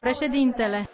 Președintele.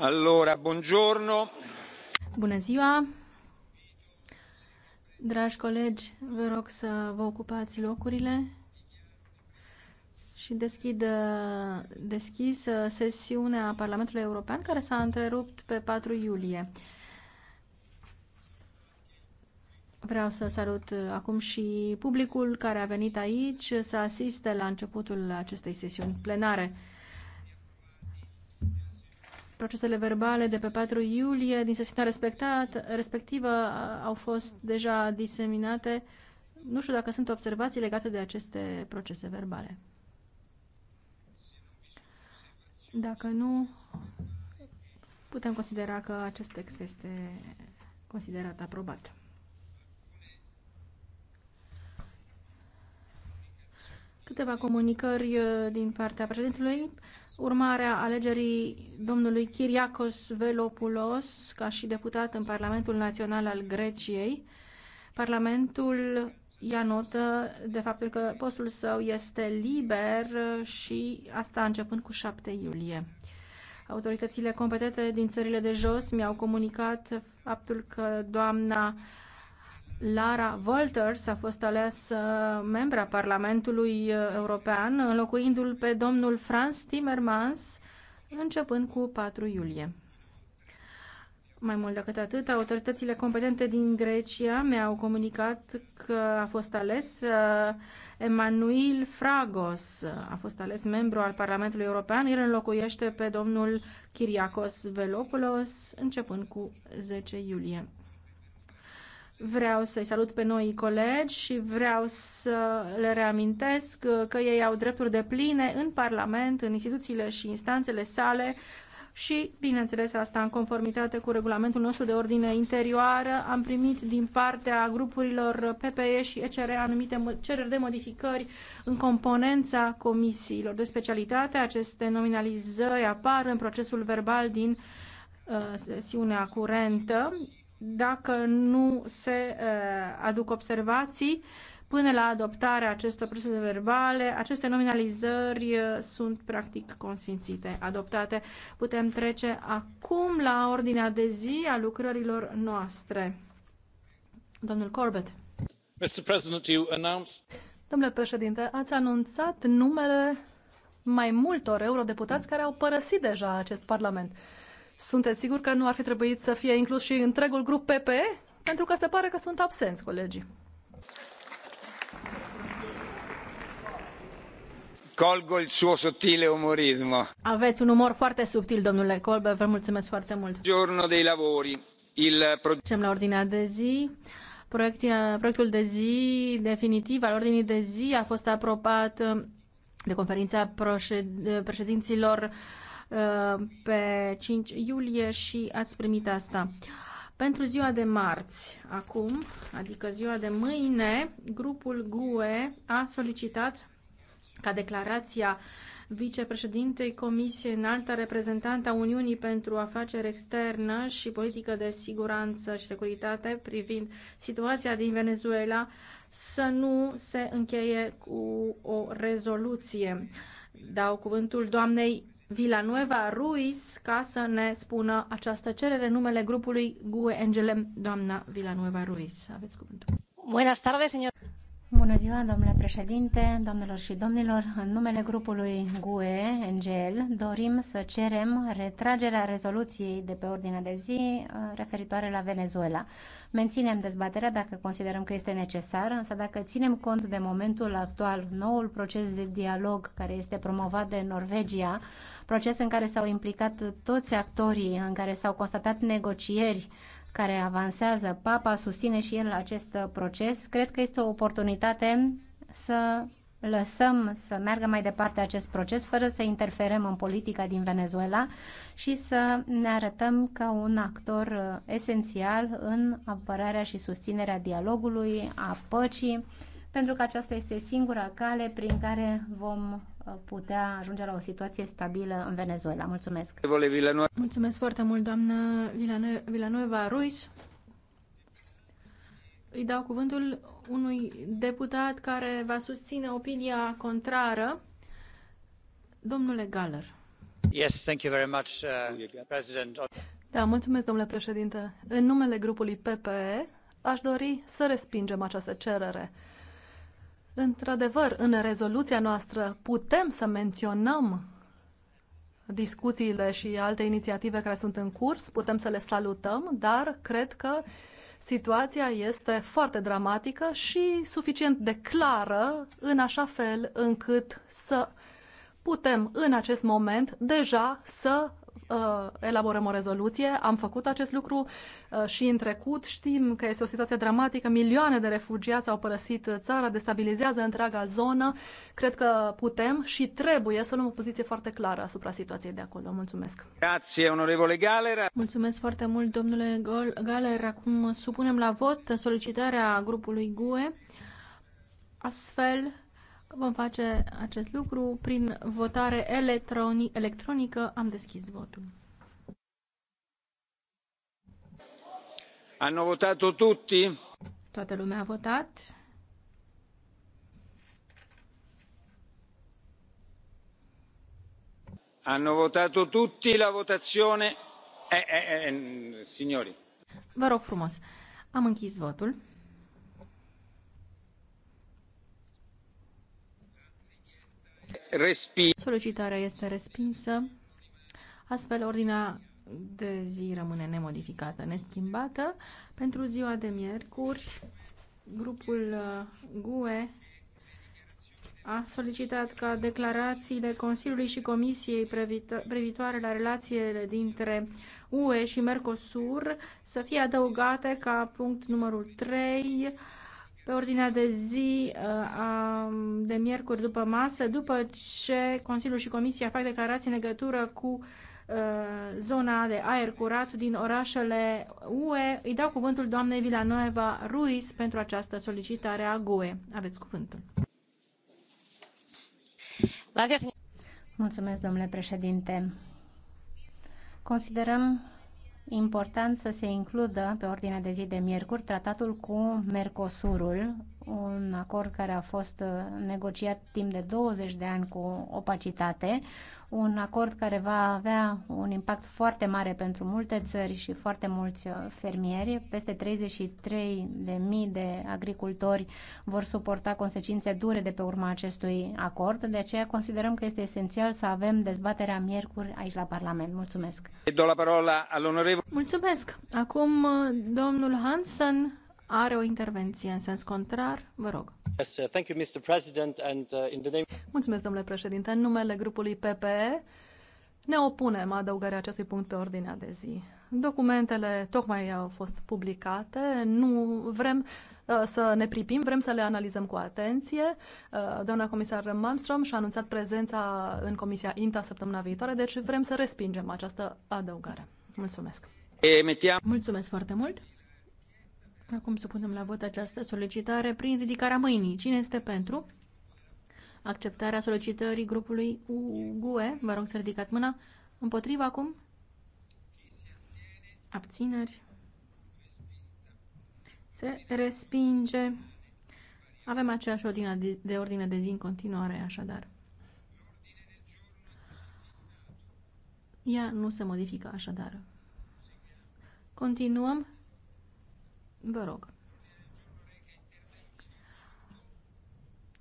Allora, buongiorno. Bună ziua. Dragi colegi, vă rog să vă ocupați locurile și deschid deschis uh, sesiunea Parlamentului European care s-a întrerupt pe 4 iulie. Vreau să salut uh, acum și publicul care a venit aici să asiste la începutul acestei sesiuni plenare. Procesele verbale de pe 4 iulie din sesiunea respectivă au fost deja diseminate. Nu știu dacă sunt observații legate de aceste procese verbale. Dacă nu, putem considera că acest text este considerat aprobat. Câteva comunicări uh, din partea președintelui urmarea alegerii domnului Kyriakos Velopoulos ca și deputat în Parlamentul Național al Greciei. Parlamentul ia notă de faptul că postul său este liber și asta începând cu 7 iulie. Autoritățile competente din țările de jos mi-au comunicat faptul că doamna Lara Walters a fost aleasă membra Parlamentului European, înlocuindu-l pe domnul Franz Timmermans, începând cu 4 iulie. Mai mult decât atât, autoritățile competente din Grecia mi-au comunicat că a fost ales uh, Emanuel Fragos, a fost ales membru al Parlamentului European. El înlocuiește pe domnul Kyriakos Velopoulos, începând cu 10 iulie. Vreau să-i salut pe noi colegi și vreau să le reamintesc uh, că ei au drepturi de pline în Parlament, în instituțiile și instanțele sale și, bineînțeles, asta în conformitate cu regulamentul nostru de ordine interioară. Am primit din partea grupurilor PPE și ECR anumite cereri de modificări în componența comisiilor de specialitate. Aceste nominalizări apar în procesul verbal din uh, sesiunea curentă dacă nu se uh, aduc observații până la adoptarea acestor procese verbale, aceste nominalizări uh, sunt practic consfințite, adoptate. Putem trece acum la ordinea de zi a lucrărilor noastre. Domnul Corbett. Mr. President, you announced... Domnule președinte, ați anunțat numele mai multor eurodeputați care au părăsit deja acest parlament. Sunteți sigur că nu ar fi trebuit să fie inclus și întregul grup PPE? Pentru că se pare că sunt absenți colegii. Colgo il suo sottile umorismo. Aveți un umor foarte subtil, domnule Colbe, vă mulțumesc foarte mult. Giorno dei lavori. Il... Cem la ordinea de zi. Proiectul de zi definitiv al ordinii de zi a fost aprobat um, de conferința președinților Uh, pe 5 iulie și ați primit asta. Pentru ziua de marți, acum, adică ziua de mâine, grupul GUE a solicitat ca declarația vicepreședintei Comisiei Înaltă Reprezentantă a Uniunii pentru Afaceri Externă și Politică de Siguranță și Securitate privind situația din Venezuela să nu se încheie cu o rezoluție. Dau cuvântul doamnei Villanueva Ruiz ca să ne spună această cerere numele grupului GUE Angelem, doamna Villanueva Ruiz. Aveți cuvântul. Buenas tardes, señor. Bună ziua, domnule președinte, domnilor și domnilor. În numele grupului GUE, NGL, dorim să cerem retragerea rezoluției de pe ordinea de zi uh, referitoare la Venezuela. Menținem dezbaterea dacă considerăm că este necesar, însă dacă ținem cont de momentul actual, noul proces de dialog care este promovat de Norvegia, proces în care s-au implicat toți actorii, în care s-au constatat negocieri, care avansează. Papa susține și el acest proces. Cred că este o oportunitate să lăsăm să meargă mai departe acest proces fără să interferăm în politica din Venezuela și să ne arătăm ca un actor esențial în apărarea și susținerea dialogului, a păcii, pentru că aceasta este singura cale prin care vom putea ajunge la o situație stabilă în Venezuela. Mulțumesc! Mulțumesc foarte mult, doamnă Villanueva Ruiz. Îi dau cuvântul unui deputat care va susține opinia contrară. Domnule Galler. Yes, thank you very much, uh, President. Da, mulțumesc, domnule președinte. În numele grupului PPE, aș dori să respingem această cerere Într-adevăr, în rezoluția noastră putem să menționăm discuțiile și alte inițiative care sunt în curs, putem să le salutăm, dar cred că situația este foarte dramatică și suficient de clară în așa fel încât să putem în acest moment deja să Uh, elaborăm o rezoluție. Am făcut acest lucru uh, și în trecut. Știm că este o situație dramatică. Milioane de refugiați au părăsit țara, destabilizează întreaga zonă. Cred că putem și trebuie să luăm o poziție foarte clară asupra situației de acolo. Mulțumesc. Grazie, onorevole Galera. Mulțumesc foarte mult, domnule Galer. Acum supunem la vot solicitarea grupului GUE. Astfel, Vom face acest lucru prin votare electroni electronică. Am deschis votul. Hanno votato tutti? Toată lumea a votat. Hanno votato tutti la votazione? Eh, eh, eh, signori. Vă rog frumos. Am închis votul. Solicitarea este respinsă. Astfel, ordinea de zi rămâne nemodificată, neschimbată. Pentru ziua de miercuri, grupul uh, GUE a solicitat ca declarațiile Consiliului și Comisiei privitoare la relațiile dintre UE și Mercosur să fie adăugate ca punct numărul 3 pe ordinea de zi uh, de miercuri după masă, după ce Consiliul și Comisia fac declarații în legătură cu uh, zona de aer curat din orașele UE. Îi dau cuvântul doamnei Villanueva Ruiz pentru această solicitare a GUE. Aveți cuvântul. Mulțumesc, domnule președinte. Considerăm important să se includă pe ordinea de zi de miercuri tratatul cu Mercosurul, un acord care a fost negociat timp de 20 de ani cu opacitate, un acord care va avea un impact foarte mare pentru multe țări și foarte mulți uh, fermieri. Peste 33 de mii de agricultori vor suporta consecințe dure de pe urma acestui acord, de aceea considerăm că este esențial să avem dezbaterea miercuri aici la Parlament. Mulțumesc! Mulțumesc! Acum uh, domnul Hansen are o intervenție în sens contrar. Vă rog. Uh, Mulțumesc, domnule președinte. În numele grupului PPE ne opunem adăugării acestui punct pe ordinea de zi. Documentele tocmai au fost publicate, nu vrem uh, să ne pripim, vrem să le analizăm cu atenție. Uh, doamna comisar Malmström și-a anunțat prezența în Comisia INTA săptămâna viitoare, deci vrem să respingem această adăugare. Mulțumesc! Mulțumesc foarte mult! Acum să punem la vot această solicitare prin ridicarea mâinii. Cine este pentru? Acceptarea solicitării grupului UGUE? Vă rog să ridicați mâna. Împotriva acum? Abțineri. Se respinge. Avem aceeași ordine de, de ordine de zi în continuare, așadar. Ea nu se modifică, așadar. Continuăm Vă rog.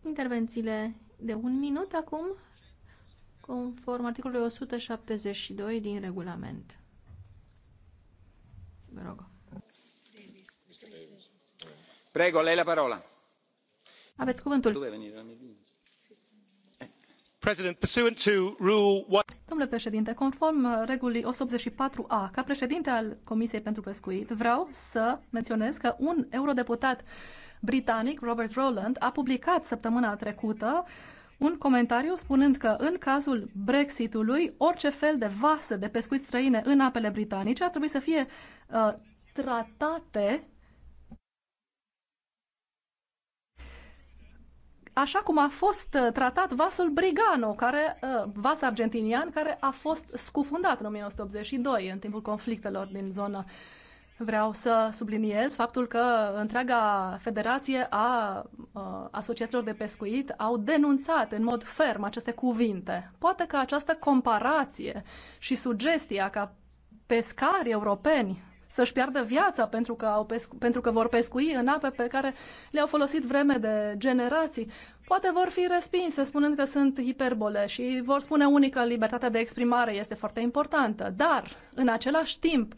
Intervențiile de un minut acum, conform articolului 172 din regulament. Vă rog. Prego, lei la parola. Aveți cuvântul. Domnule președinte, conform uh, regulii 184A, ca președinte al Comisiei pentru Pescuit, vreau să menționez că un eurodeputat britanic, Robert Rowland, a publicat săptămâna trecută un comentariu spunând că în cazul Brexitului, orice fel de vase de pescuit străine în apele britanice ar trebui să fie uh, tratate așa cum a fost uh, tratat vasul Brigano, care, uh, vas argentinian, care a fost scufundat în 1982, în timpul conflictelor din zonă. Vreau să subliniez faptul că întreaga federație a, a uh, asociațiilor de pescuit au denunțat în mod ferm aceste cuvinte. Poate că această comparație și sugestia ca pescari europeni să-și piardă viața pentru că, au pescu- pentru că vor pescui în ape pe care le-au folosit vreme de generații. Poate vor fi respinse, spunând că sunt hiperbole și vor spune unii că libertatea de exprimare este foarte importantă. Dar, în același timp,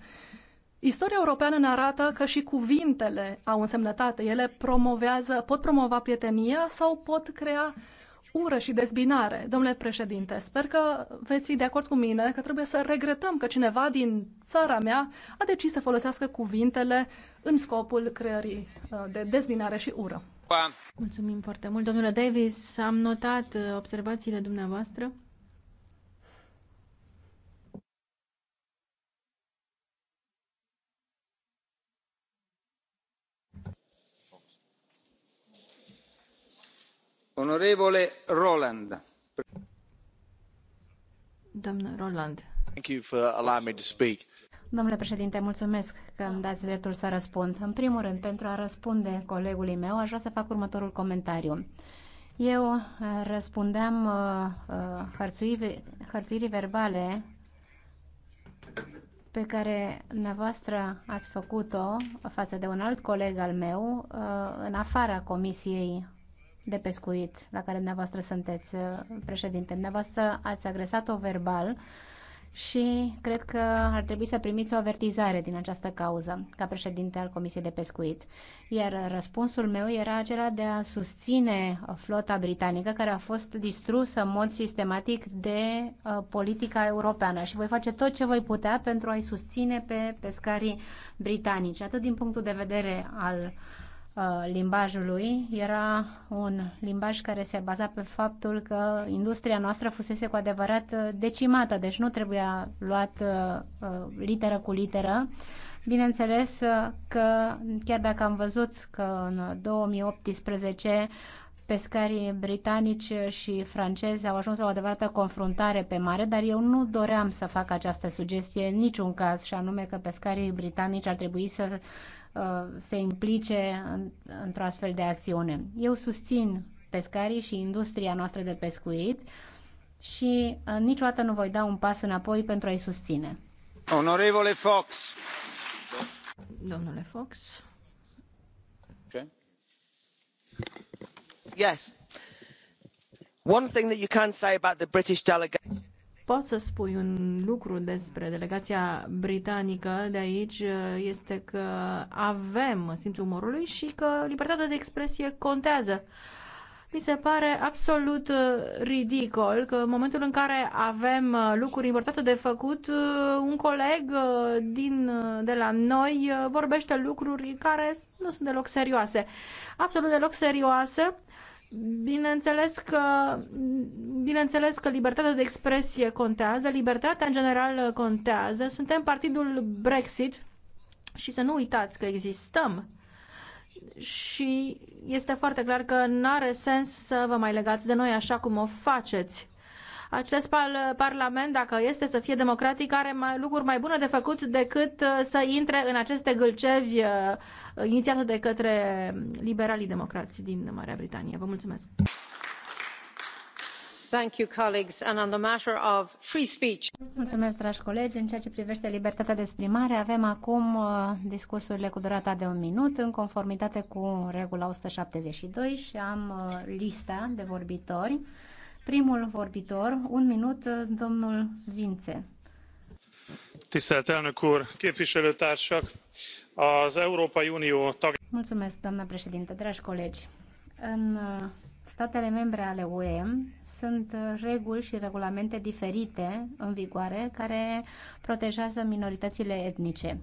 Istoria europeană ne arată că și cuvintele au însemnătate. Ele promovează, pot promova prietenia sau pot crea uh, ură și dezbinare. Domnule președinte, sper că veți fi de acord cu mine că trebuie să regretăm că cineva din țara mea a decis să folosească cuvintele în scopul creării uh, de dezbinare și ură. Mulțumim foarte mult, domnule Davis. Am notat uh, observațiile dumneavoastră. Roland. Roland. Domnule președinte, mulțumesc că îmi dați dreptul să răspund. În primul rând, pentru a răspunde colegului meu, aș vrea să fac următorul comentariu. Eu uh, răspundeam uh, uh, hărțuirii, verbale pe care dumneavoastră ați făcut-o față de un alt coleg al meu în afara comisiei de pescuit la care dumneavoastră sunteți uh, președinte. Dumneavoastră ați agresat-o verbal și cred că ar trebui să primiți o avertizare din această cauză ca președinte al Comisiei de Pescuit. Iar răspunsul meu era acela de a susține flota britanică care a fost distrusă în mod sistematic de uh, politica europeană și voi face tot ce voi putea pentru a-i susține pe pescarii britanici, atât din punctul de vedere al uh, Uh, limbajului era un limbaj care se baza pe faptul că industria noastră fusese cu adevărat uh, decimată, deci nu trebuia luat uh, literă cu literă. Bineînțeles că chiar dacă am văzut că în 2018 pescarii britanici și francezi au ajuns la o adevărată confruntare pe mare, dar eu nu doream să fac această sugestie în niciun caz, și anume că pescarii britanici ar trebui să Uh, se implice în, într-o astfel de acțiune. Eu susțin pescarii și industria noastră de pescuit și uh, niciodată nu voi da un pas înapoi pentru a-i susține. Onorevole Fox. Domnule Fox. Okay. Yes. One thing that you can say about the British delegation Pot să spui un lucru despre delegația britanică de aici este că avem simțul umorului și că libertatea de expresie contează. Mi se pare absolut uh, ridicol că în momentul în care avem uh, lucruri importante de făcut, uh, un coleg din, de la noi vorbește lucruri care nu sunt deloc serioase. Absolut deloc serioase Bineînțeles că, bineînțeles că libertatea de expresie contează, libertatea în general contează. Suntem partidul Brexit și să nu uitați că existăm. Și este foarte clar că nu are sens să vă mai legați de noi așa cum o faceți. Acest parlament, dacă este să fie democratic, are mai, lucruri mai bune de făcut decât uh, să intre în aceste gâlcevi uh, inițiate de către liberalii democrați din Marea Britanie. Vă mulțumesc! Mulțumesc, dragi colegi. În ceea ce privește libertatea de exprimare, avem acum uh, discursurile cu durata de un minut, în conformitate cu regula 172 și am lista de vorbitori. Primul vorbitor, un minut, domnul Vințe. Tisztelt elnök úr, képviselőtársak! Az Európai Unió tag... Mulțumesc, doamna președintă, dragi colegi. În uh, statele membre ale UE sunt uh, reguli și regulamente diferite în vigoare care protejează minoritățile etnice.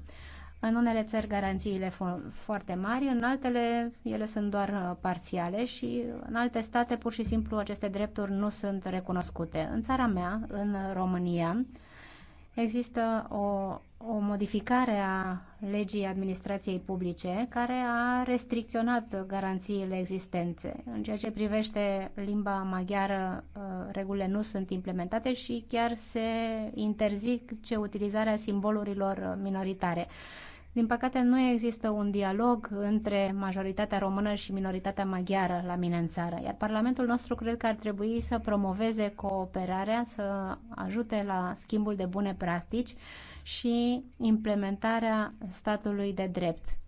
În unele țări garanțiile foarte mari, în altele ele sunt doar uh, parțiale și în alte state pur și simplu aceste drepturi nu sunt recunoscute. În țara mea, în România, există o, o modificare a legii administrației publice care a restricționat garanțiile existențe. În ceea ce privește limba maghiară, uh, regulile nu sunt implementate și chiar se interzic ce utilizarea simbolurilor minoritare. Din păcate, nu există un dialog între majoritatea română și minoritatea maghiară la mine în țară, iar Parlamentul nostru cred că ar trebui să promoveze cooperarea, să ajute la schimbul de bune practici și implementarea statului de drept.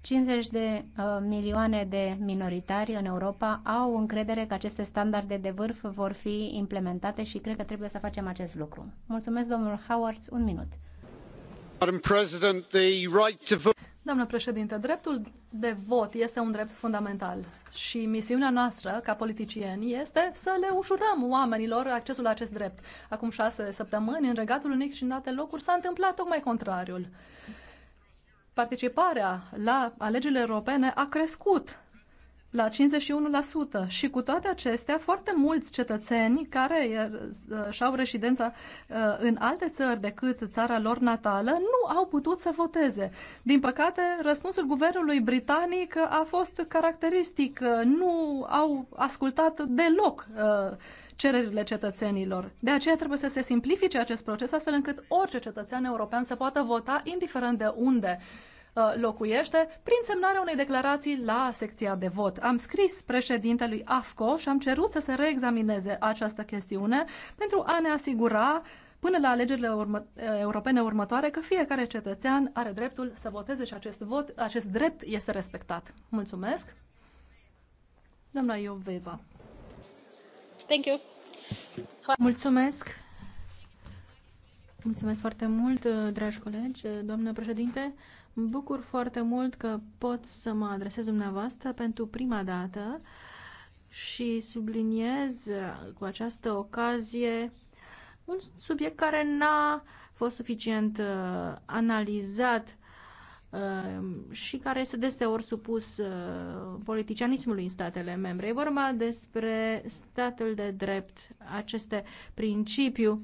50 de uh, milioane de minoritari în Europa au încredere că aceste standarde de vârf vor fi implementate și cred că trebuie să facem acest lucru. Mulțumesc, domnul Howard, un minut. Doamnă președinte, dreptul de vot este un drept fundamental și misiunea noastră ca politicieni este să le ușurăm oamenilor accesul la acest drept. Acum șase săptămâni, în Regatul Unic și în alte locuri, s-a întâmplat tocmai contrariul. Participarea la alegerile europene a crescut la 51% și cu toate acestea foarte mulți cetățeni care ă, și-au reșidența ă, în alte țări decât țara lor natală nu au putut să voteze. Din păcate, răspunsul guvernului britanic a fost caracteristic. Nu au ascultat deloc ă, cererile cetățenilor. De aceea trebuie să se simplifice acest proces astfel încât orice cetățean european să poată vota indiferent de unde Uh, locuiește prin semnarea unei declarații la secția de vot. Am scris președintelui AFCO și am cerut să se reexamineze această chestiune pentru a ne asigura până la alegerile urmă, uh, europene următoare că fiecare cetățean are dreptul să voteze și acest vot, acest drept este respectat. Mulțumesc. Doamna Ioveva. Thank you. Mulțumesc. Mulțumesc foarte mult, uh, dragi colegi, doamnă președinte bucur foarte mult că pot să mă adresez dumneavoastră pentru prima dată și subliniez cu această ocazie un subiect care n-a fost suficient uh, analizat uh, și care este deseori supus uh, politicianismului în statele membre. E vorba despre statul de drept, aceste principiu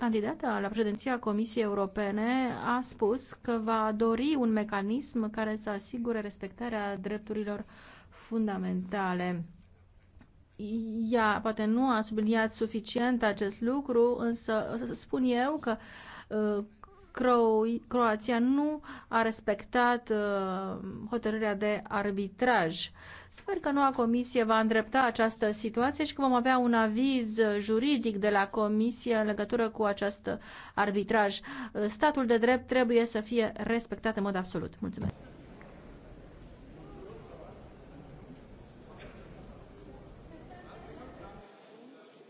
candidata la președinția Comisiei Europene a spus că va dori un mecanism care să asigure respectarea drepturilor fundamentale. Ea poate nu a subliniat suficient acest lucru, însă spun eu că uh, Cro Croația nu a respectat uh, hotărârea de arbitraj. Sper că noua comisie va îndrepta această situație și că vom avea un aviz juridic de la comisie în legătură cu acest arbitraj. Uh, statul de drept trebuie să fie respectat în mod absolut. Mulțumesc!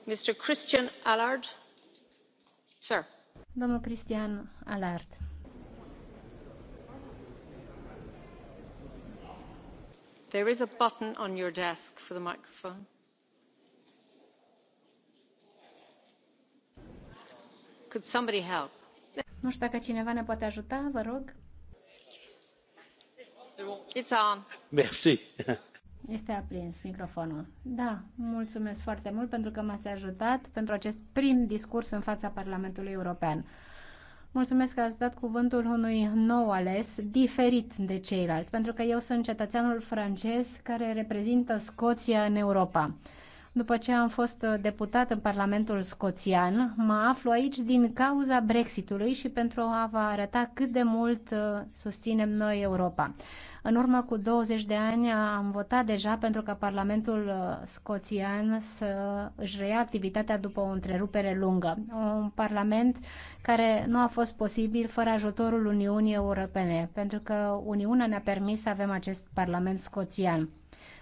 Mr. Christian Allard. Sir. Domnul Cristian alert. There is a button on your desk for the microphone. Could somebody help? Nu știu dacă cineva ne poate ajuta, vă rog. It's on. Merci. Este aprins microfonul. Da, mulțumesc foarte mult pentru că m-ați ajutat pentru acest prim discurs în fața Parlamentului European. Mulțumesc că ați dat cuvântul unui nou ales, diferit de ceilalți, pentru că eu sunt cetățeanul francez care reprezintă Scoția în Europa. După ce am fost uh, deputat în Parlamentul Scoțian, mă aflu aici din cauza Brexitului și pentru a vă arăta cât de mult uh, susținem noi Europa. În urmă cu 20 de ani uh, am votat deja pentru ca Parlamentul Scoțian să își reia activitatea după o întrerupere lungă. Un parlament care nu a fost posibil fără ajutorul Uniunii Europene, pentru că Uniunea ne-a permis să avem acest Parlament Scoțian.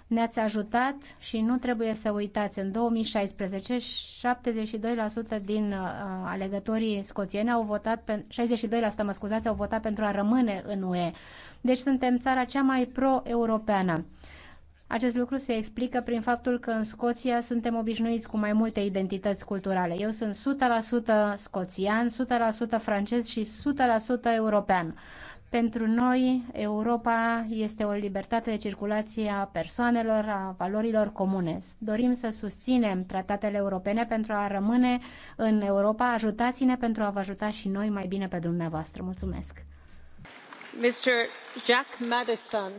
Ne-ați ajutat și nu trebuie să uitați, în 2016 72% din uh, alegătorii scoțieni au votat, pe, 62% mă scuzați, au votat pentru a rămâne în UE. Deci suntem țara cea mai pro-europeană. Acest lucru se explică prin faptul că în Scoția suntem obișnuiți cu mai multe identități culturale. Eu sunt 100% scoțian, 100% francez și 100% european. Pentru noi, Europa este o libertate de circulație a persoanelor, a valorilor comune. Dorim să susținem tratatele europene pentru a rămâne în Europa. Ajutați-ne pentru a vă ajuta și noi mai bine pe dumneavoastră. Mulțumesc! Mr. Jack Madison.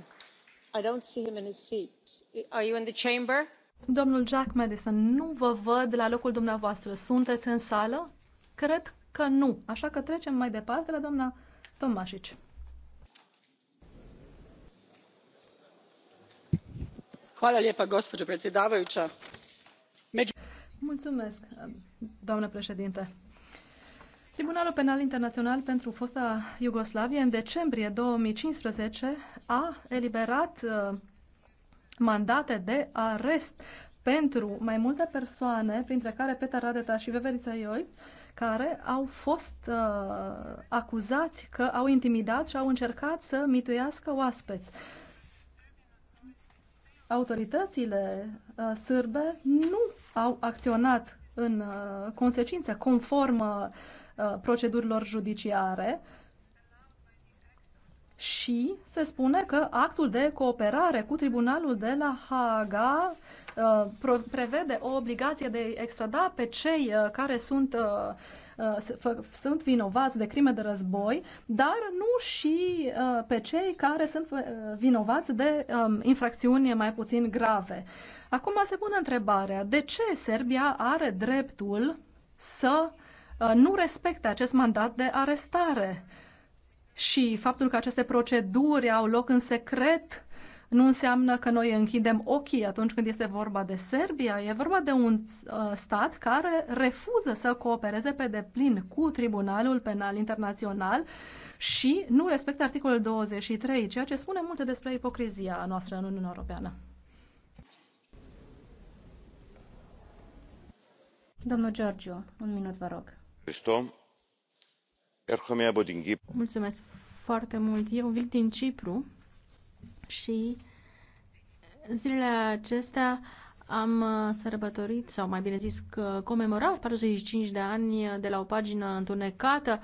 I don't see him in his seat. Are you in the chamber? Domnul Jack Madison, nu vă văd la locul dumneavoastră. Sunteți în sală? Cred că nu. Așa că trecem mai departe la doamna Tomașici. doamnă președintă tribunalul penal internațional pentru fosta iugoslavie în decembrie două mii cincisprezece a eliberat uh, mandate de arest pentru mai multe persoane printre care petar radeta și veverița ioi care au fost uh, acuzați că au intimidat și au încercat să mituiască oaspeți autoritățile uh, sârbe nu au acționat în uh, consecință conform uh, procedurilor judiciare și se spune că actul de cooperare cu tribunalul de la Haga uh, prevede o obligație de extrada pe cei uh, care sunt uh, Uh, sunt vinovați de crime de război, dar nu și uh, pe cei care sunt uh, vinovați de um, infracțiuni mai puțin grave. Acum se pune întrebarea, de ce Serbia are dreptul să nu respecte acest mandat de arestare? Și faptul că aceste proceduri au loc în secret nu înseamnă că noi închidem ochii atunci când este vorba de Serbia. E vorba de un uh, stat care refuză să coopereze pe deplin cu Tribunalul Penal Internațional și nu respectă articolul 23, ceea ce spune multe despre ipocrizia noastră în Uniunea Europeană. Domnul Giorgio, un minut, vă rog. Mulțumesc foarte mult. Eu vin din Cipru și în zilele acestea am uh, sărbătorit, sau mai bine zis, comemorat 45 de ani de la o pagină întunecată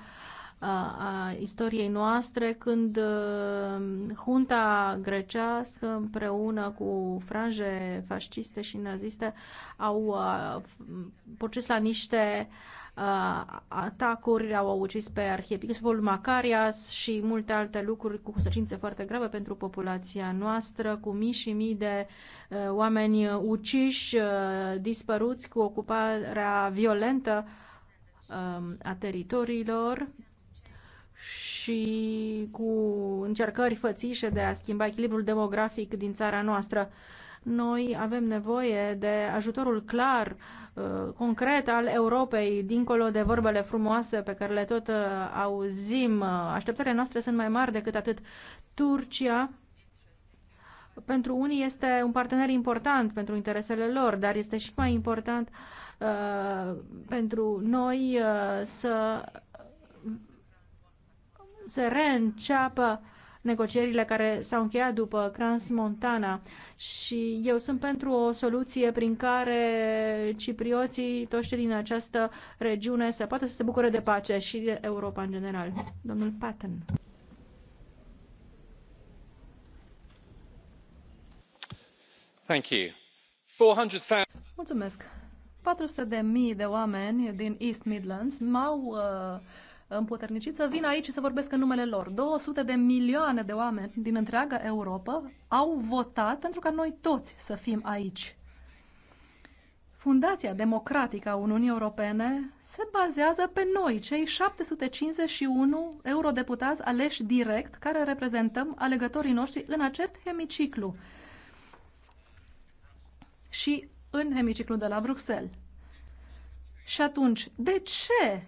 uh, a istoriei noastre, când uh, junta grecească împreună cu franje fasciste și naziste au proces la niște atacuri, au ucis pe arhiepiscopul Macarias și multe alte lucruri cu consecințe foarte grave pentru populația noastră, cu mii și mii de oameni uciși, dispăruți, cu ocuparea violentă a teritoriilor și cu încercări fățișe de a schimba echilibrul demografic din țara noastră. Noi avem nevoie de ajutorul clar uh, Uh, concret al Europei, dincolo de vorbele frumoase pe care le tot uh, auzim. Uh, așteptările noastre sunt mai mari decât atât. Turcia pentru unii este un partener important pentru interesele lor, dar este și mai important uh, pentru noi uh, să se reînceapă negocierile care s-au încheiat după Crans Montana și eu sunt pentru o soluție prin care ciprioții, toți din această regiune, să poată să se bucure de pace și de Europa în general. Domnul Patton. Thank you. 400, 000... Mulțumesc. 400 de mii de oameni din East Midlands m-au uh, împuterniciți să vină aici și să vorbesc în numele lor. 200 de milioane de oameni din întreaga Europa au votat pentru ca noi toți să fim aici. Fundația Democratică a Uniunii Europene se bazează pe noi, cei 751 eurodeputați aleși direct, care reprezentăm alegătorii noștri în acest hemiciclu și în hemiciclu de la Bruxelles. Și atunci, de ce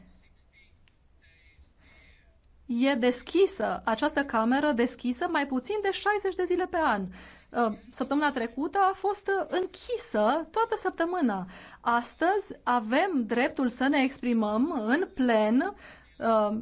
e deschisă, această cameră deschisă mai puțin de 60 de zile pe an. Uh, săptămâna trecută a fost uh, închisă toată săptămâna. Astăzi avem dreptul să ne exprimăm în plen uh,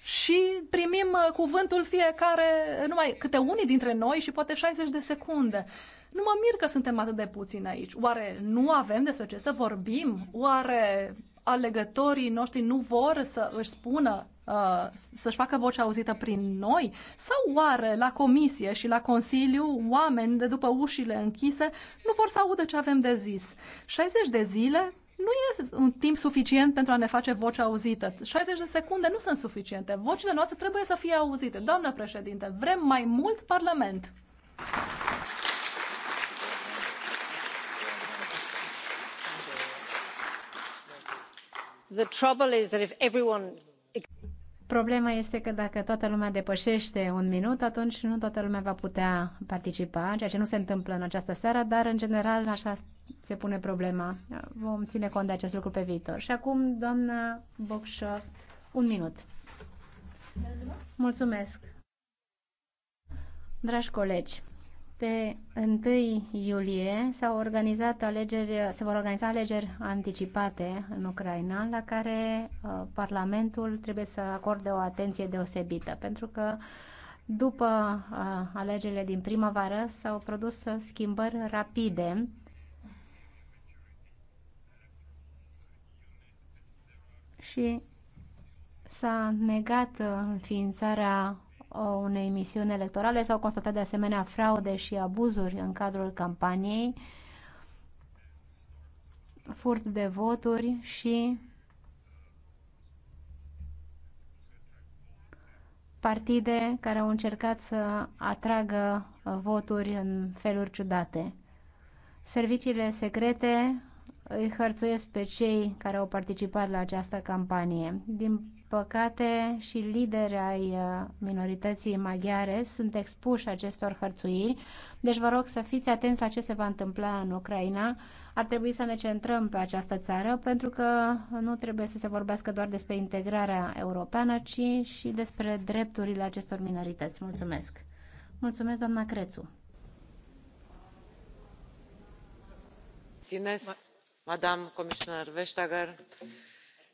și primim cuvântul fiecare, numai câte unii dintre noi și poate 60 de secunde. Nu mă mir că suntem atât de puțini aici. Oare nu avem despre ce să vorbim? Oare alegătorii noștri nu vor să își spună, uh, să-și facă vocea auzită prin noi? Sau oare la comisie și la Consiliu oameni de după ușile închise nu vor să audă ce avem de zis? 60 de zile nu e un timp suficient pentru a ne face vocea auzită. 60 de secunde nu sunt suficiente. Vocile noastre trebuie să fie auzite. Doamnă președinte, vrem mai mult Parlament. Problema este că dacă toată lumea depășește un minut, atunci nu toată lumea va putea participa, ceea ce nu se întâmplă în această seară, dar în general așa se pune problema. Vom ține cont de acest lucru pe viitor. Și acum, doamna Bocșor, un minut. Mulțumesc. Dragi colegi, pe 1 iulie s-au organizat alegeri, se vor organiza alegeri anticipate în Ucraina, la care uh, Parlamentul trebuie să acorde o atenție deosebită, pentru că după uh, alegerile din primăvară s-au produs schimbări rapide și s-a negat înființarea Uh, unei misiuni electorale. S-au constatat de asemenea fraude și abuzuri în cadrul campaniei, furt de voturi și partide care au încercat să atragă uh, voturi în feluri ciudate. Serviciile secrete îi hărțuiesc pe cei care au participat la această campanie. Din păcate și lideri ai uh, minorității maghiare sunt expuși acestor hărțuiri, deci vă rog să fiți atenți la ce se va întâmpla în Ucraina. Ar trebui să ne centrăm pe această țară, pentru că nu trebuie să se vorbească doar despre integrarea europeană, ci și despre drepturile acestor minorități. Mulțumesc! Mulțumesc, doamna Crețu! Ines, Madame Commissioner Vestager,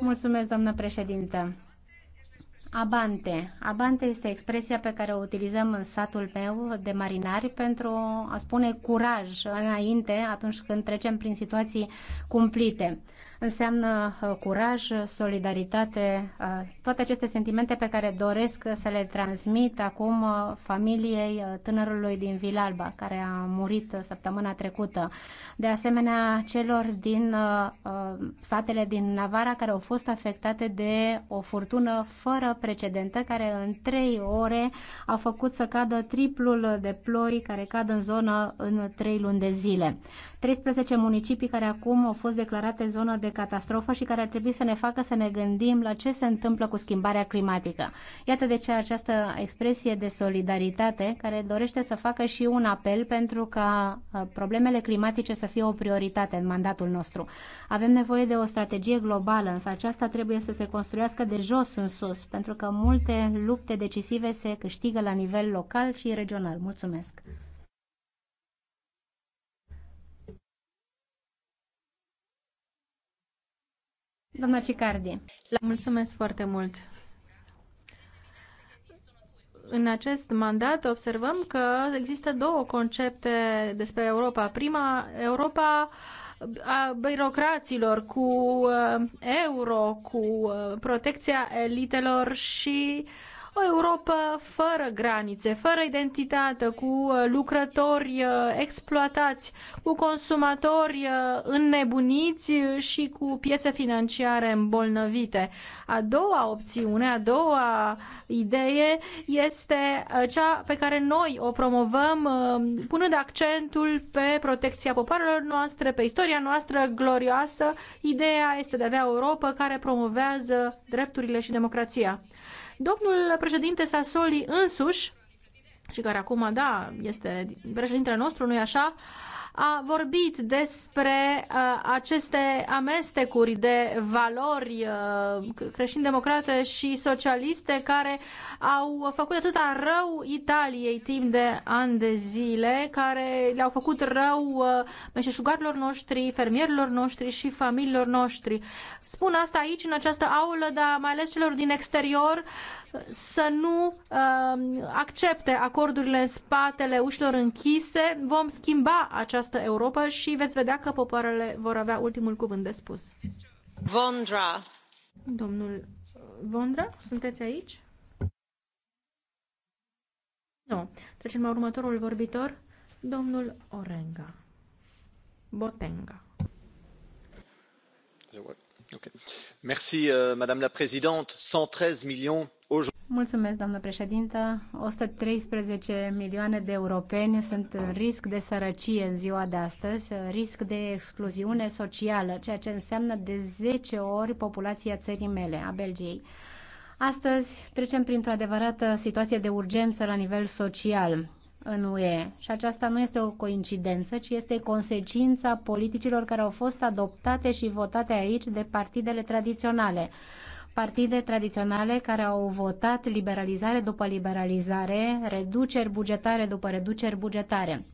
Mulțumesc, doamnă președintă. Abante. Abante este expresia pe care o utilizăm în satul meu de marinari pentru a spune curaj înainte atunci când trecem prin situații cumplite înseamnă uh, curaj, solidaritate, uh, toate aceste sentimente pe care doresc să le transmit acum uh, familiei tânărului din Vilalba, care a murit săptămâna trecută. De asemenea, celor din satele din Navara care au fost afectate de o furtună fără precedentă, care în trei ore a făcut să cadă triplul de ploi care cad în zonă în trei luni de zile. 13 municipii care acum au fost declarate zonă de catastrofă și care ar trebui să ne facă să ne gândim la ce se întâmplă cu schimbarea climatică. Iată de ce această expresie de solidaritate care dorește să facă și un apel pentru ca uh, problemele climatice să fie o prioritate în mandatul nostru. Avem nevoie de o strategie globală, însă aceasta trebuie să se construiască de jos în sus, pentru că multe lupte decisive se câștigă la nivel local și regional. Mulțumesc! Doamna Cicardi, mulțumesc foarte mult. În acest mandat observăm că există două concepte despre Europa. Prima, Europa a birocraților cu uh, euro, cu uh, protecția elitelor și uh, o Europa fără granițe, fără identitate, cu uh, lucrători uh, exploatați, cu consumatori uh, înnebuniți și cu piețe financiare îmbolnăvite. A doua opțiune, a doua idee este cea pe care noi o promovăm, punând accentul pe protecția popoarelor noastre, pe istoria noastră glorioasă. Ideea este de a avea Europa care promovează drepturile și democrația. Domnul președinte Sassoli însuși, și care acum, da, este președintele nostru, nu-i așa, a vorbit despre uh, aceste amestecuri de valori uh, creștin-democrate și socialiste care au făcut atâta rău Italiei timp de ani de zile, care le-au făcut rău uh, meșeșugarilor noștri, fermierilor noștri și familiilor noștri. Spun asta aici, în această aulă, dar mai ales celor din exterior, uh, să nu uh, accepte acordurile în spatele ușilor închise. Vom schimba această Europa și veți vedea că popoarele vor avea ultimul cuvânt de spus. Vondra. Domnul Vondra, sunteți aici? Nu. Trecem la următorul vorbitor, domnul Orenga. Botenga. Okay. Merci, euh, Madame la Présidente. 113 millions Mulțumesc, doamnă președintă. 113 milioane de europeni sunt în risc de sărăcie în ziua de astăzi, risc de excluziune socială, ceea ce înseamnă de 10 ori populația țării mele, a Belgiei. Astăzi trecem printr-o adevărată situație de urgență la nivel social în UE. Și aceasta nu este o coincidență, ci este consecința politicilor care au fost adoptate și votate aici de partidele tradiționale partide tradiționale care au votat liberalizare după liberalizare, reduceri bugetare după reduceri bugetare.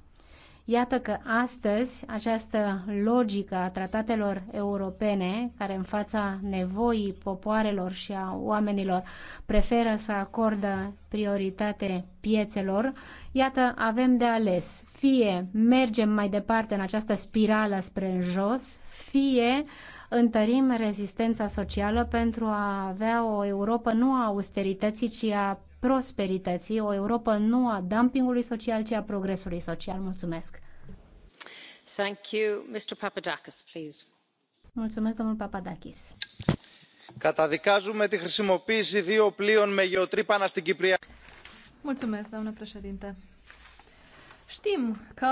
Iată că astăzi această logică a tratatelor europene, care în fața nevoii popoarelor și a oamenilor preferă să acordă prioritate piețelor, iată avem de ales. Fie mergem mai departe în această spirală spre în jos, fie uh, întărim rezistența socială pentru a avea o Europa nu a austerității, ci a prosperității, o Europa nu a dumpingului social, ci a progresului social. Mulțumesc! Thank you. Mr. Papadakis, please. Mulțumesc, domnul Papadakis. Καταδικάζουμε τη χρησιμοποίηση δύο πλοίων με γεωτρύπανα στην Κυπριακή. Mulțumesc, doamnă președinte. Știm că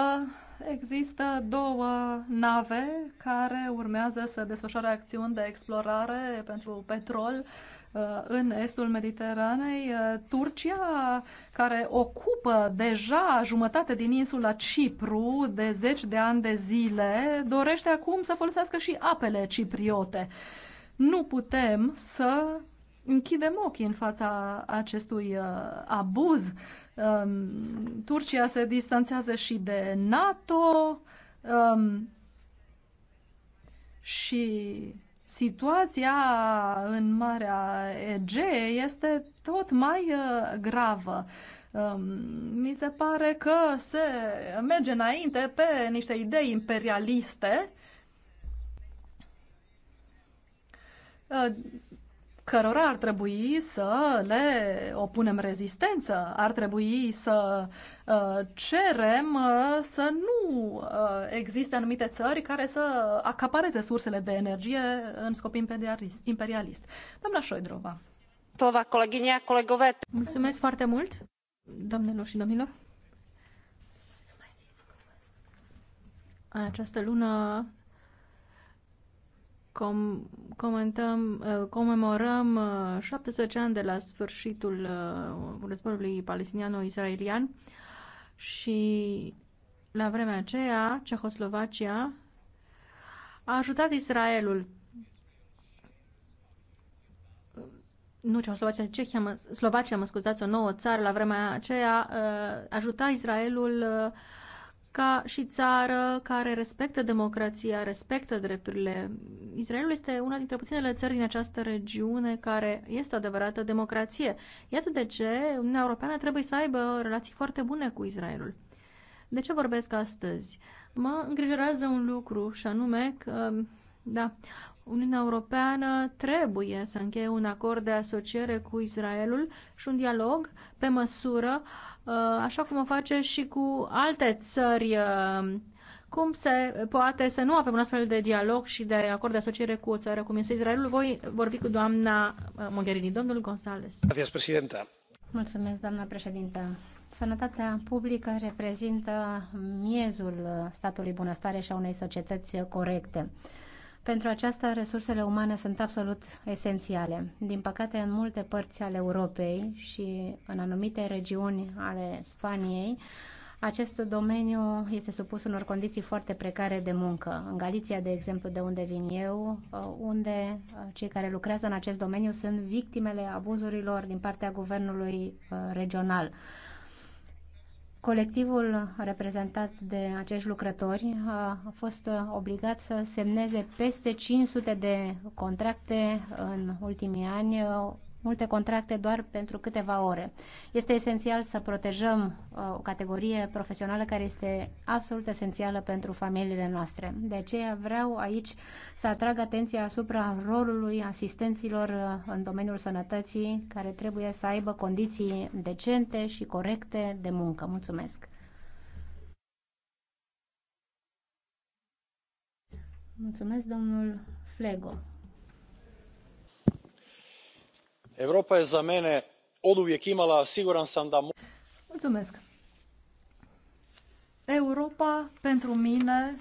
există două nave care urmează să desfășoare acțiuni de explorare pentru petrol uh, în estul Mediteranei. Uh, Turcia, care ocupă deja jumătate din insula Cipru de zeci de ani de zile, dorește acum să folosească și apele cipriote. Nu putem să închidem ochii în fața acestui uh, abuz Um, Turcia se distanțează și de NATO um, și situația în Marea Egee este tot mai uh, gravă. Um, mi se pare că se merge înainte pe niște idei imperialiste uh, cărora ar trebui să le opunem rezistență, ar trebui să uh, cerem uh, să nu uh, existe anumite țări care să acapareze sursele de energie în scop imperialist. Doamna Șoidrova. Slova, colegine, colegove. Mulțumesc foarte mult, doamnelor și domnilor. În această lună com comentăm, uh, comemorăm 17 uh, ani de la sfârșitul uh, războiului palestiniano-israelian și la vremea aceea Cehoslovacia a ajutat Israelul nu Cehoslovacia, Cehia, mă, Slovacia, mă scuzați, o nouă țară la vremea aceea, ajuta Israelul uh, ca și țară care respectă democrația, respectă drepturile. Israelul este una dintre puținele țări din această regiune care este o adevărată democrație. Iată de ce Uniunea Europeană trebuie să aibă relații foarte bune cu Israelul. De ce vorbesc astăzi? Mă îngrijorează un lucru și anume că, da, Uniunea Europeană trebuie să încheie un acord de asociere cu Israelul și un dialog pe măsură uh, Uh, așa cum o face și cu alte țări. Uh, cum se poate să nu avem un astfel de dialog și de acord de asociere cu o țară cum este Israelul? Voi vorbi cu doamna uh, Mogherini, domnul Gonzales. Mulțumesc, doamna președintă. Sănătatea publică reprezintă miezul statului bunăstare și a unei societăți corecte. Pentru aceasta, resursele umane sunt absolut esențiale. Din păcate, în multe părți ale Europei și în anumite regiuni ale Spaniei, acest domeniu este supus unor condiții foarte precare de muncă. În Galiția, de exemplu, de unde vin eu, uh, unde uh, cei care lucrează în acest domeniu sunt victimele abuzurilor din partea guvernului uh, regional. Colectivul reprezentat de acești lucrători uh, a fost uh, obligat să semneze peste 500 de contracte în ultimii ani, uh, multe contracte doar pentru câteva ore. Este esențial să protejăm uh, o categorie profesională care este absolut esențială pentru familiile noastre. De aceea vreau aici să atrag atenția asupra rolului asistenților uh, în domeniul sănătății care trebuie să aibă condiții decente și corecte de muncă. Mulțumesc! Mulțumesc, domnul Flego. Europa da Mulțumesc. Europa, pentru mine,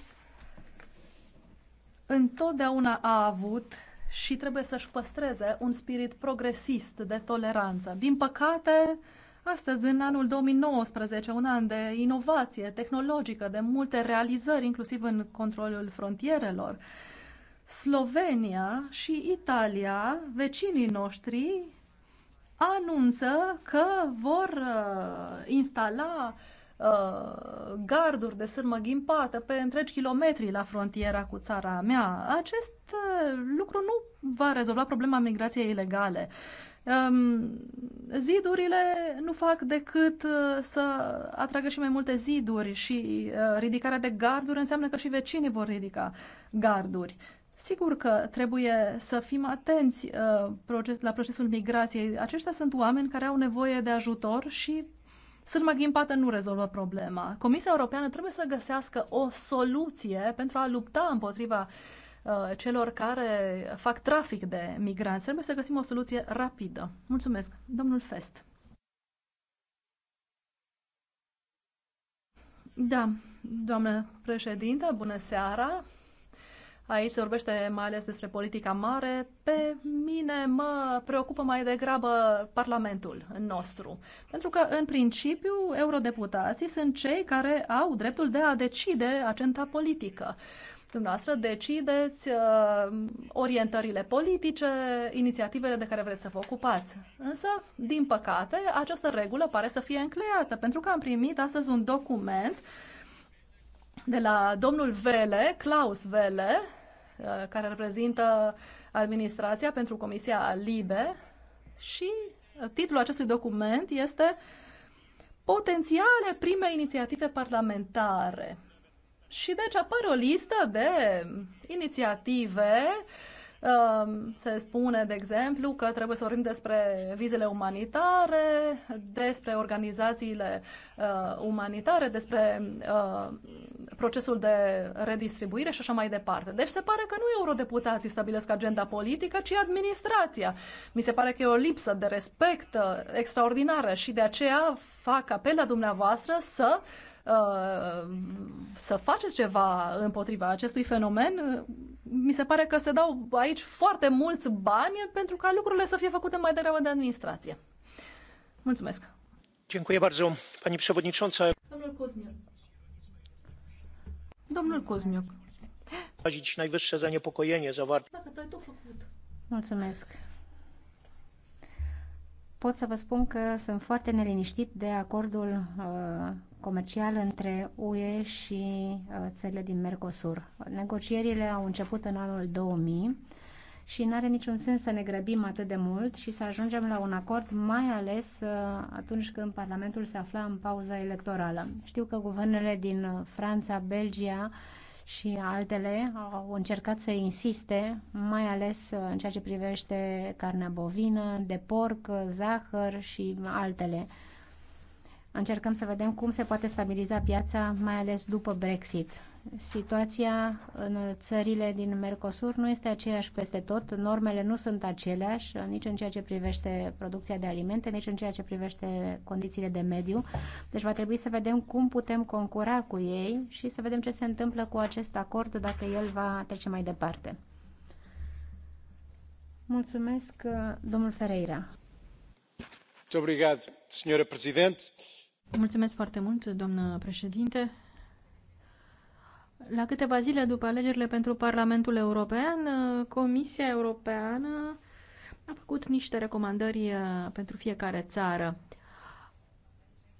întotdeauna a avut și trebuie să-și păstreze un spirit progresist de toleranță. Din păcate, astăzi, în anul 2019, un an de inovație tehnologică, de multe realizări, inclusiv în controlul frontierelor, Slovenia și Italia, vecinii noștri, anunță că vor uh, instala uh, garduri de sârmă ghimpată pe întregi kilometri la frontiera cu țara mea. Acest uh, lucru nu va rezolva problema migrației ilegale. Um, zidurile nu fac decât uh, să atragă și mai multe ziduri și uh, ridicarea de garduri înseamnă că și vecinii vor ridica garduri. Sigur că trebuie să fim atenți uh, proces, la procesul migrației. Aceștia sunt oameni care au nevoie de ajutor și sunt maghimpată, nu rezolvă problema. Comisia Europeană trebuie să găsească o soluție pentru a lupta împotriva uh, celor care fac trafic de migranți. Trebuie să găsim o soluție rapidă. Mulțumesc. Domnul Fest. Da, doamnă președintă, bună seara. Aici se vorbește mai ales despre politica mare. Pe mine mă preocupă mai degrabă Parlamentul nostru. Pentru că, în principiu, eurodeputații sunt cei care au dreptul de a decide agenda politică. Dumneavoastră decideți uh, orientările politice, inițiativele de care vreți să vă ocupați. Însă, din păcate, această regulă pare să fie încleiată, pentru că am primit astăzi un document uh, de la domnul Vele, Klaus Vele, uh, care reprezintă administrația pentru Comisia Libe și uh, titlul acestui document este Potențiale prime inițiative parlamentare. Și deci apare o listă de inițiative uh, Ehm, se spune, de exemplu, că trebuie să vorbim despre vizele umanitare, despre organizațiile eh, umanitare, despre eh, procesul de redistribuire și așa mai departe. Deci se pare că nu eurodeputații stabilesc agenda politică, ci administrația. Mi se pare că e o lipsă de respect eh, extraordinară și de aceea fac apel la dumneavoastră să uh, Uh, să faceți ceva împotriva acestui fenomen. Uh, mi se pare că se dau aici foarte mulți bani pentru ca lucrurile să fie făcute mai degrabă de administrație. Mulțumesc. Dziękuję bardzo, pani przewodnicząca. Domnul Kuzmiuk. Domnul Kuzmiuk. Najwyższe zaniepokojenie zawarte. Mulțumesc pot să vă spun că sunt foarte neliniștit de acordul uh, comercial între UE și uh, țările din Mercosur. Negocierile au început în anul 2000 și nu are niciun sens să ne grăbim atât de mult și să ajungem la un acord, mai ales uh, atunci când Parlamentul se afla în pauza electorală. Știu că guvernele din uh, Franța, Belgia și altele au încercat să insiste, mai ales în ceea ce privește carnea bovină, de porc, zahăr și altele. Încercăm să vedem cum se poate stabiliza piața, mai ales după Brexit situația în țările din Mercosur nu este aceeași peste tot, normele nu sunt aceleași, nici în ceea ce privește producția de alimente, nici în ceea ce privește condițiile de mediu. Deci va trebui să vedem cum putem concura cu ei și să vedem ce se întâmplă cu acest acord dacă el va trece mai departe. Mulțumesc, domnul Ferreira. Mulțumesc foarte mult, doamnă președinte la câteva zile după alegerile pentru Parlamentul European, uh, Comisia Europeană a făcut niște recomandări uh, pentru fiecare țară.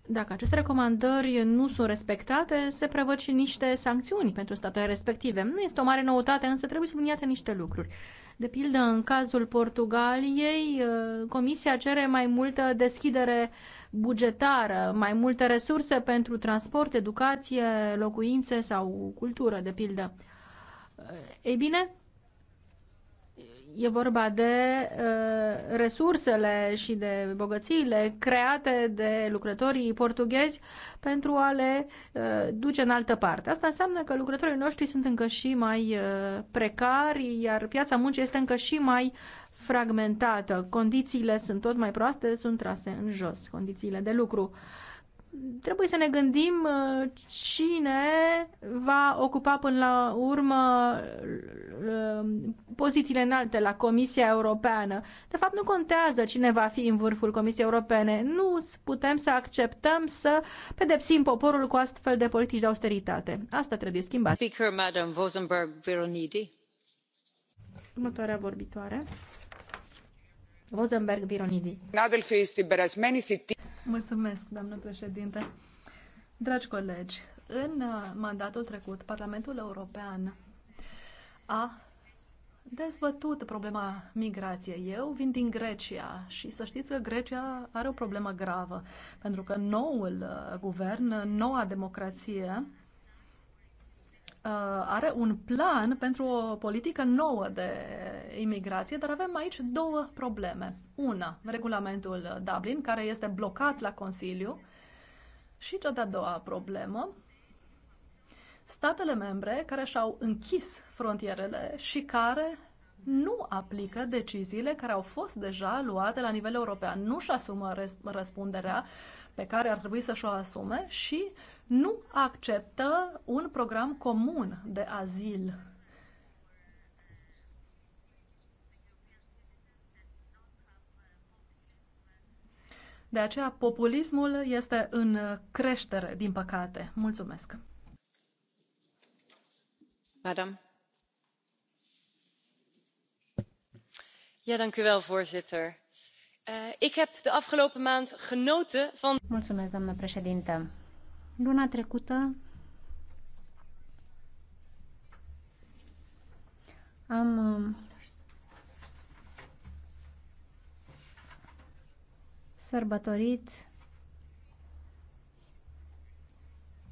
Dacă aceste recomandări nu sunt respectate, se prevăd și niște sancțiuni pentru statele respective. Nu este o mare noutate, însă trebuie subliniate niște lucruri. De pildă, în cazul Portugaliei, uh, Comisia cere mai multă deschidere bugetară, mai multe resurse pentru transport, educație, locuințe sau cultură, de pildă. Ei bine, E vorba de uh, resursele și de bogățiile create de lucrătorii portughezi pentru a le uh, duce în altă parte. Asta înseamnă că lucrătorii noștri sunt încă și mai uh, precari, iar piața muncii este încă și mai fragmentată. Condițiile sunt tot mai proaste, sunt trase în jos, condițiile de lucru. Uh, trebuie să ne gândim uh, cine va ocupa până la urmă uh, pozițiile înalte la Comisia Europeană. De fapt, nu contează cine va fi în vârful Comisiei Europene. Nu putem să acceptăm să pedepsim poporul cu astfel de politici de austeritate. Asta trebuie schimbat. Speaker, Madam Vosenberg Vironidi. Următoarea vorbitoare. Vosenberg Vironidi. Mulțumesc, doamnă președinte. Dragi colegi, în uh, mandatul trecut, Parlamentul European a dezbătut problema migrației. Eu vin din Grecia și să știți că Grecia are o problemă gravă, pentru că noul uh, guvern, noua democrație, Uh, are un plan pentru o politică nouă de imigrație, dar avem aici două probleme. Una, regulamentul Dublin, care este blocat la Consiliu, și cea de-a doua problemă, statele membre care și-au închis frontierele și care nu aplică deciziile care au fost deja luate la nivel european, nu-și asumă răspunderea pe care ar trebui să-și o asume și uh, nu acceptă un program comun de azil. De aceea, populismul este în creștere, din păcate. Mulțumesc. Madam. Ja, dank u wel, voorzitter. Uh, ik heb de afgelopen maand genoten van. Mulțumesc, doamnă președintă Luna trecută am uh, sărbătorit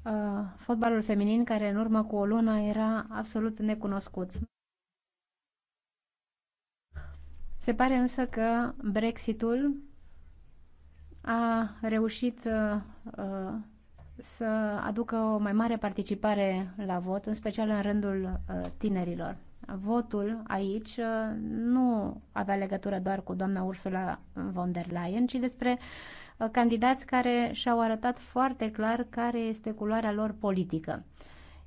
uh, fotbalul feminin, care în urmă cu o lună era absolut necunoscut. Se pare însă că Brexitul a reușit uh, uh să aducă o mai mare participare la vot, în special în rândul uh, tinerilor. Votul aici uh, nu avea legătură doar cu doamna Ursula von der Leyen, ci despre uh, candidați care și-au arătat foarte clar care este culoarea lor politică.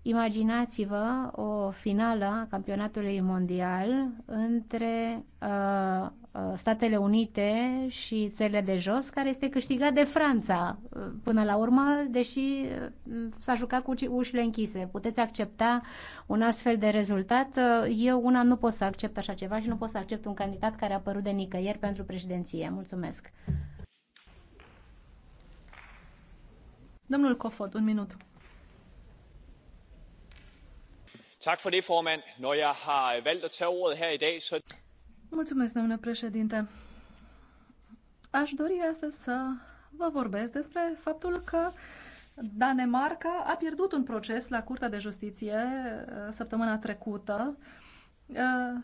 Imaginați-vă o finală a campionatului mondial între uh, Uh, Statele Unite și țările de jos, care este câștigat de Franța uh, până la urmă, deși uh, s-a jucat cu ușile închise. Puteți accepta un astfel de rezultat? Eu una nu pot să accept așa ceva și nu pot să accept un candidat care a apărut de nicăieri pentru președinție. Mulțumesc! Domnul Cofot, un minut. Tak for det, formand. Når jeg har valgt at tage ordet her i dag, så... Mulțumesc, doamnă președinte. Aș dori astăzi să vă vorbesc despre faptul că Danemarca a pierdut un proces la Curtea de Justiție uh, săptămâna trecută, uh,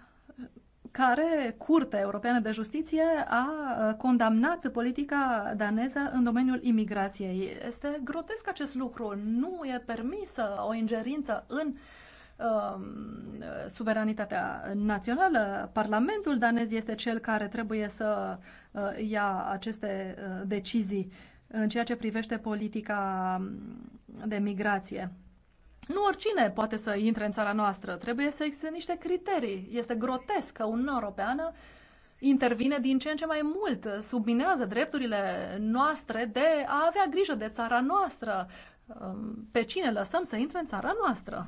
care Curtea Europeană de Justiție a uh, condamnat politica daneză în domeniul imigrației. Este grotesc acest lucru. Nu e permisă o ingerință în uh, Um, suveranitatea națională. Parlamentul danez este cel care trebuie să uh, ia aceste uh, decizii în ceea ce privește politica de migrație. Nu oricine poate să intre în țara noastră. Trebuie să existe niște criterii. Este grotesc că Uniunea Europeană intervine din ce în ce mai mult, subminează drepturile noastre de a avea grijă de țara noastră. Um, pe cine lăsăm să intre în țara noastră?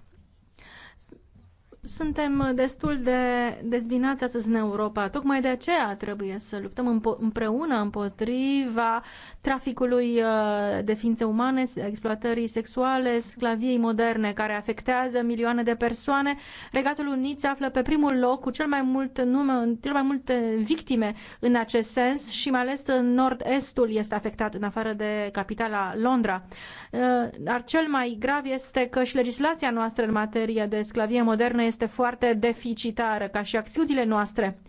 suntem uh, destul de dezbinați astăzi în Europa. Tocmai de aceea trebuie să luptăm împreună împotriva traficului uh, de ființe umane, exploatării sexuale, sclaviei moderne care afectează milioane de persoane. Regatul Unit se află pe primul loc cu cel mai mult nume, cel mai multe victime în acest sens și mai ales în nord-estul este afectat în afară de capitala Londra. Uh, dar cel mai grav este că și legislația noastră în materie de sclavie modernă este foarte deficitară, ca și acțiunile noastre.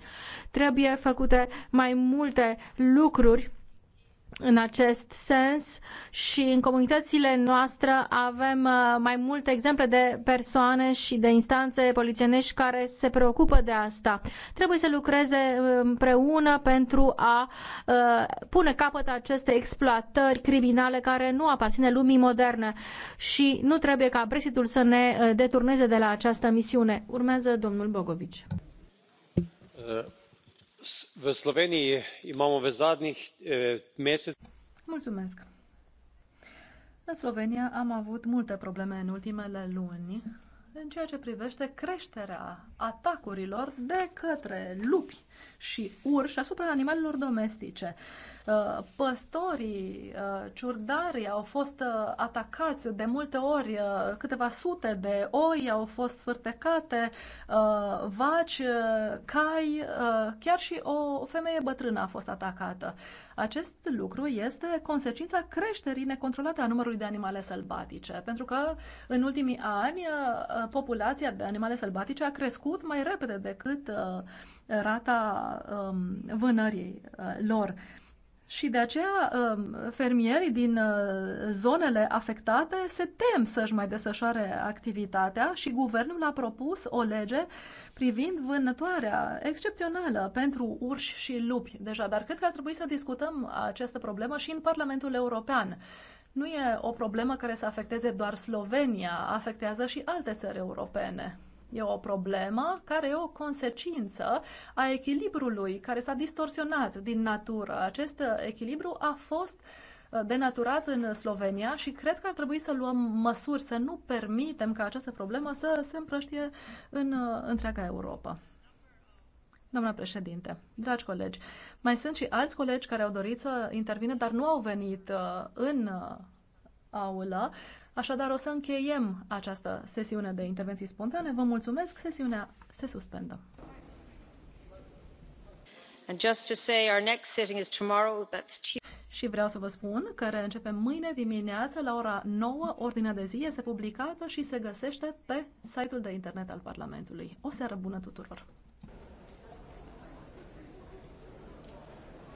Trebuie făcute mai multe lucruri în acest sens și în comunitățile noastre avem uh, mai multe exemple de persoane și de instanțe polițienești care se preocupă de asta. Trebuie să lucreze uh, împreună pentru a uh, pune capăt aceste exploatări criminale care nu aparține lumii moderne și nu trebuie ca Brexitul să ne deturneze de la această misiune. Urmează domnul Bogovici. Uh v sloveniji imamo v zadnjih eh, mesecih. În Slovenia am avut multe probleme în ultimele luni în ceea ce privește creșterea atacurilor de către lupi și urși asupra animalelor domestice. Uh, păstorii, uh, ciurdarii au fost uh, atacați de multe ori, câteva sute de oi au fost sfârtecate, vaci, cai, chiar și o femeie bătrână a fost atacată. Acest lucru este consecința creșterii necontrolate a numărului de animale sălbatice, pentru că în ultimii ani populația de animale sălbatice a crescut mai repede decât rata Um, vânării uh, lor. Și de aceea um, fermierii din uh, zonele afectate se tem să-și mai desfășoare activitatea și guvernul a propus o lege privind vânătoarea excepțională pentru urși și lupi deja, dar cred că ar trebui să discutăm această problemă și în Parlamentul European. Nu e o problemă care să afecteze doar Slovenia, afectează și alte țări europene. E o problemă care e o consecință a echilibrului care s-a distorsionat din natură. Acest echilibru a fost uh, denaturat în Slovenia și cred că ar trebui să luăm măsuri, să nu permitem ca această problemă să se împrăștie în uh, întreaga Europa. Doamna președinte, dragi colegi, mai sunt și alți colegi care au dorit să intervină, dar nu au venit uh, în aulă. Așadar, o să încheiem această sesiune de intervenții spontane. Vă mulțumesc, sesiunea se suspendă. And just to say, our next sitting is tomorrow, that's și vreau să vă spun că începe mâine dimineață la ora 9. Ordinea de zi este publicată și se găsește pe site-ul de internet al Parlamentului. O seară bună tuturor!